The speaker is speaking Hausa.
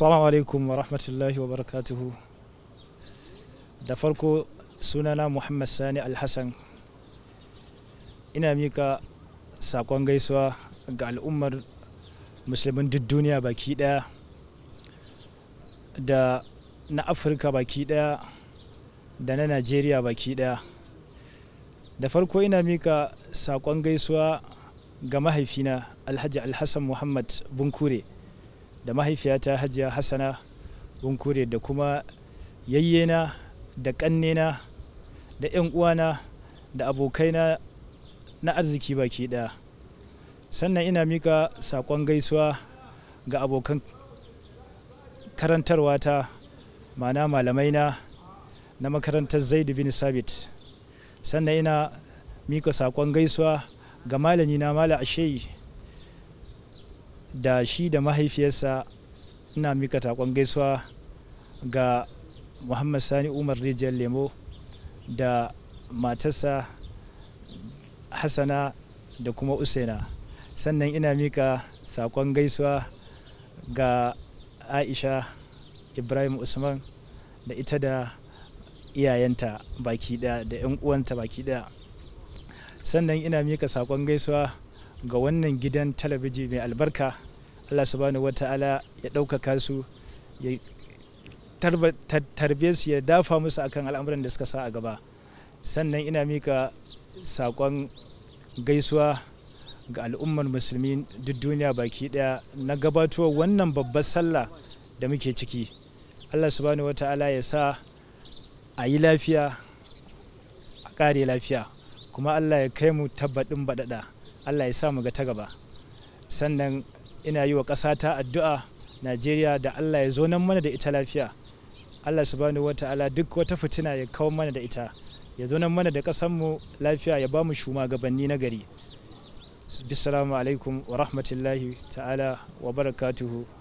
assalamu alaikum wa rahmatullahi wa barakatuhu da farko sunana muhammad sani alhassan ina mika sakon gaisuwa ga al'ummar musulmin duk duniya baki daya da na afirka baki daya da na najeriya baki daya da farko ina mika sakon gaisuwa ga mahaifina alhaji alhassan muhammad bunkure da mahaifiyata hajiya hassana bunkure da kuma yayyena da kannena da 'yan uwana da abokaina na arziki baki ɗaya sannan ina mika saƙon gaisuwa ga abokan karantarwa ta mana malamaina na makarantar zaidu bin sabit sannan ina mika saƙon gaisuwa ga malami na mala asheyi da shi da mahaifiyarsa ina mika takon gaisuwa ga muhammad sani umar rijiyar lemo da matarsa hasana da kuma usaina sannan ina mika sakon gaisuwa ga aisha ibrahim usman da ita da iyayenta baki ɗaya da 'yan uwanta baki daya sannan ina mika sakon gaisuwa ga wannan gidan talabijin mai albarka allah subhanahu ta'ala ya ɗaukaka su ya tarbe su ya dafa musu akan al'amuran da suka sa a gaba sannan ina mika sakon gaisuwa ga al'ummar musulmi duk duniya baki daya na gabatowa wannan babbar sallah da muke ciki allah subhanahu wa ta'ala ya sa a yi lafiya a kare lafiya kuma Allah ya kai mu tabbaɗin baɗaɗa Allah ya sa mu ga ta gaba sannan ina yi wa ƙasa ta addu'a Najeriya da Allah ya zo nan mana da ita lafiya Allah subhanahu ta'ala duk wata fitina ya kawo mana da ita ya zo nan mana da ƙasar mu lafiya ya ba mu gabanni na gari bisalamu alaikum wa rahmatullahi ta'ala wa barakatuhu